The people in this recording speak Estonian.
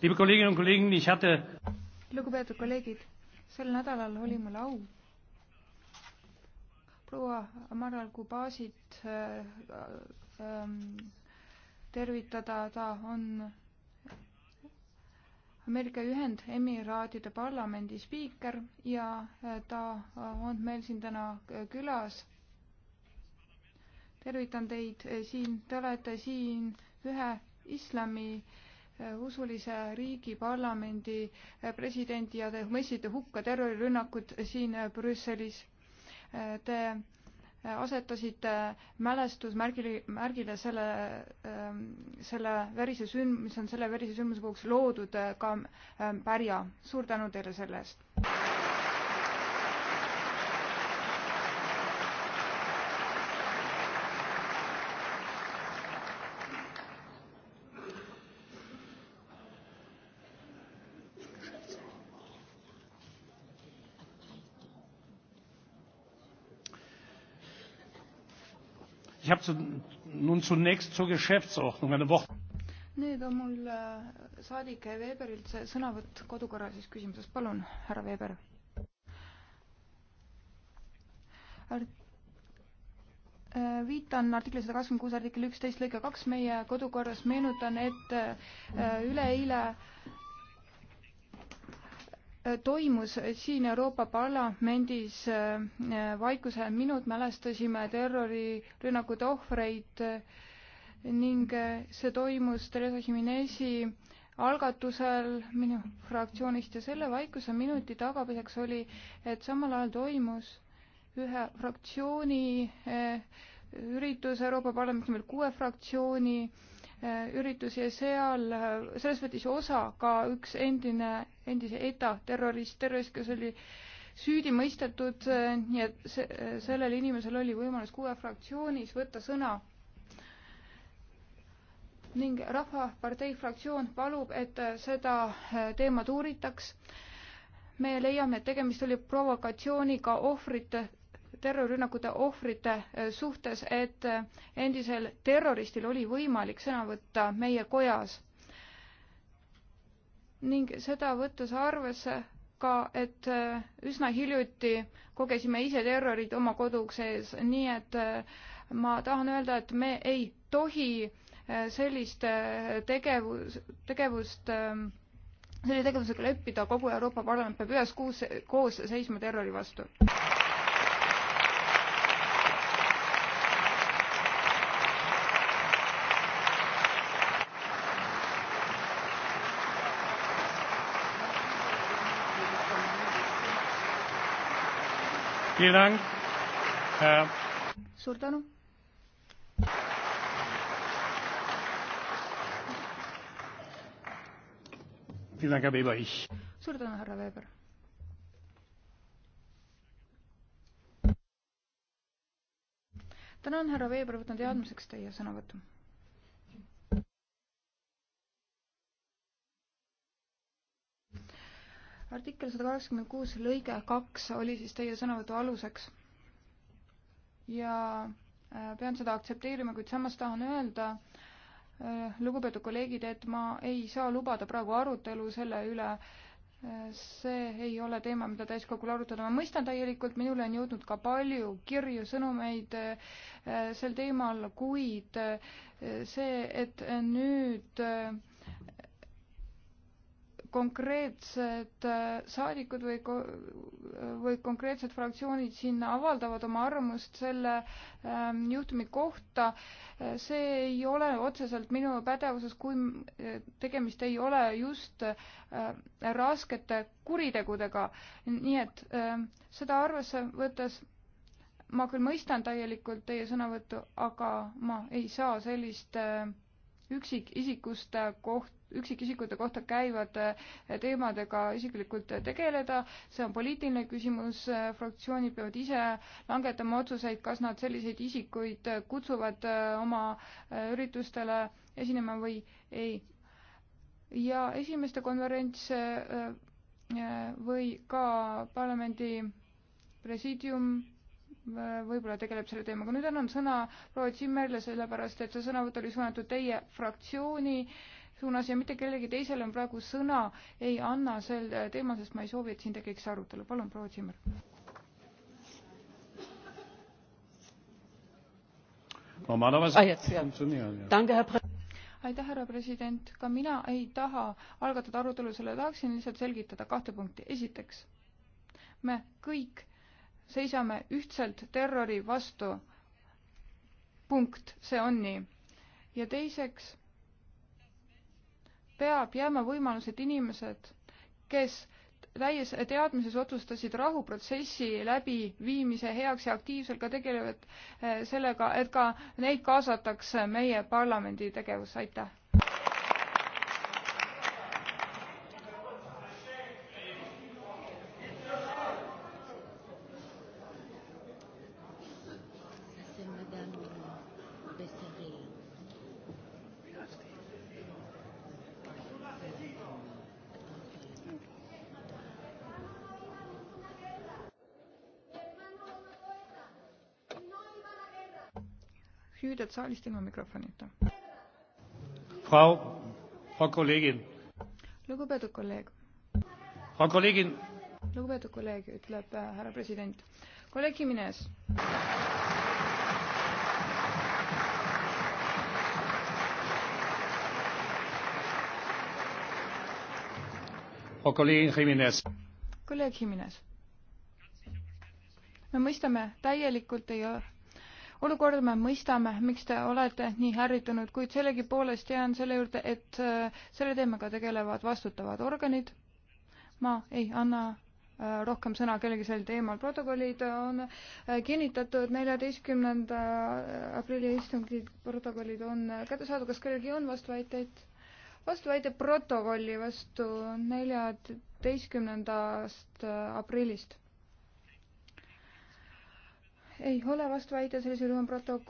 lugupeetud kolleegid, sel nädalal oli mul au proua Amaral Kubasit äh, äh, tervitada, ta on Ameerika Ühendemiraatide parlamendi spiiker ja äh, ta on meil siin täna külas. tervitan teid äh, siin, te olete siin ühe islami äh, Äh, usulise riigi parlamendi äh, presidendi ja te mõistsite hukka terrorirünnakud siin äh, Brüsselis. Te asetasite mälestusmärgile, märgile selle, ähm, selle verise sünd-, mis on selle verise sündmuse puhuks loodud ka pärja. suur tänu teile selle eest! Ich habe zu, nun zunächst zur Geschäftsordnung eine Worte. Nüüd on mul äh, saadik Weberilt see sõnavõtt kodukorra siis küsimuses. Palun, härra Weber. Art äh, viitan artikli sada kakskümmend kuus, artikkel üksteist lõige kaks meie kodukorras, meenutan, et äh, üleeile toimus siin Euroopa Parlamendis äh, vaikuse minut, mälestasime terrorirünnakute ohvreid ning äh, see toimus Theresa Jimenezi algatusel minu fraktsioonist ja selle vaikuse minuti tagapiseks oli, et samal ajal toimus ühe fraktsiooni äh, üritus Euroopa Parlamendis, meil kuue fraktsiooni äh, üritusi ja seal, sellest võttis osa ka üks endine, endise ETA terrorist, terrorist, kes oli süüdi mõistetud, nii et see, sellel inimesel oli võimalus kuue fraktsioonis võtta sõna. ning Rahvapartei fraktsioon palub, et seda teemat uuritaks. me leiame, et tegemist oli provokatsiooniga ohvrite terrorirünnakute ohvrite eh, suhtes, et eh, endisel terroristil oli võimalik sõna võtta meie kojas. ning seda võttes arvesse ka, et eh, üsna hiljuti kogesime ise terrorit oma koduks ees, nii et ma tahan öelda, et me ei tohi sellist tegevus, tegevust selle tegevusega leppida, kogu Euroopa Parlament peab üheskoos, koos seisma terrori vastu. suur tänu. suur tänu, härra Weber. tänan, härra Weber, võtan teadmiseks teie sõnavõtu artikkel sada kaheksakümmend kuus lõige kaks oli siis teie sõnavõtu aluseks. ja äh, pean seda aktsepteerima, kuid samas tahan öelda, äh, lugupeetud kolleegid, et ma ei saa lubada praegu arutelu selle üle, äh, see ei ole teema, mida täiskogul arutada, ma mõistan täielikult, minule on jõudnud ka palju kirju, sõnumeid sel teemal, kuid see, et nüüd konkreetsed äh, saadikud või, või konkreetsed fraktsioonid siin avaldavad oma arvamust selle ähm, juhtumi kohta. Äh, see ei ole otseselt minu pädevuses, kui äh, tegemist ei ole just raskete kuritegudega. nii et ähm, seda arvesse võttes ma küll mõistan täielikult teie sõnavõttu, aga ma ei saa sellist äh, üksikisikust koht, üksikisikute kohta käivate eh, teemadega isiklikult tegeleda, see on poliitiline küsimus, eh, fraktsioonid peavad ise langetama otsuseid, kas nad selliseid isikuid eh, kutsuvad oma üritustele esinema või ei. ja esimeste konverents või ka parlamendi presiidium Äh, võib-olla tegeleb selle teemaga. nüüd annan sõna proua Zimmerile, sellepärast et see sõnavõtt oli suunatud teie fraktsiooni suunas ja mitte kellelegi teisele ma praegu sõna ei anna sel äh, teemal, sest ma ei soovi, et siin tekiks arutelu. palun, proua Zimmer. aitäh, härra president. ka mina ei taha algatada arutelu selle, tahaksin lihtsalt selgitada kahte punkti. esiteks, me kõik seisame ühtselt terrori vastu. punkt, see on nii. ja teiseks peab jääma võimalus, et inimesed, kes täies teadmises otsustasid rahuprotsessi läbiviimise heaks ja aktiivselt ka tegelevad eh, sellega, et ka neid kaasatakse meie parlamendi tegevusse, aitäh. hüüded saalist ilma mikrofonita. Frau, Frau Kollegin. lugupeetud kolleeg. Frau Kollegin. lugupeetud kolleeg, ütleb äh, härra president. kolleeg Jimenez. Frau Kollegin Jimenez. kolleeg Jimenez me mõistame täielikult teie olukorda, me mõistame, miks te olete nii ärritunud, kuid sellegipoolest jään selle juurde, et äh, selle teemaga tegelevad vastutavad organid. ma ei anna äh, rohkem sõna kellegi sel teemal. protokollid on äh, kinnitatud neljateistkümnenda aprilli istungi protokollid on kättesaadavad. kas kellelgi on vastuväiteid? vastuväide protokolli vastu neljateistkümnendast aprillist ei ole vastuväiteid, sellisel juhul on protokoll.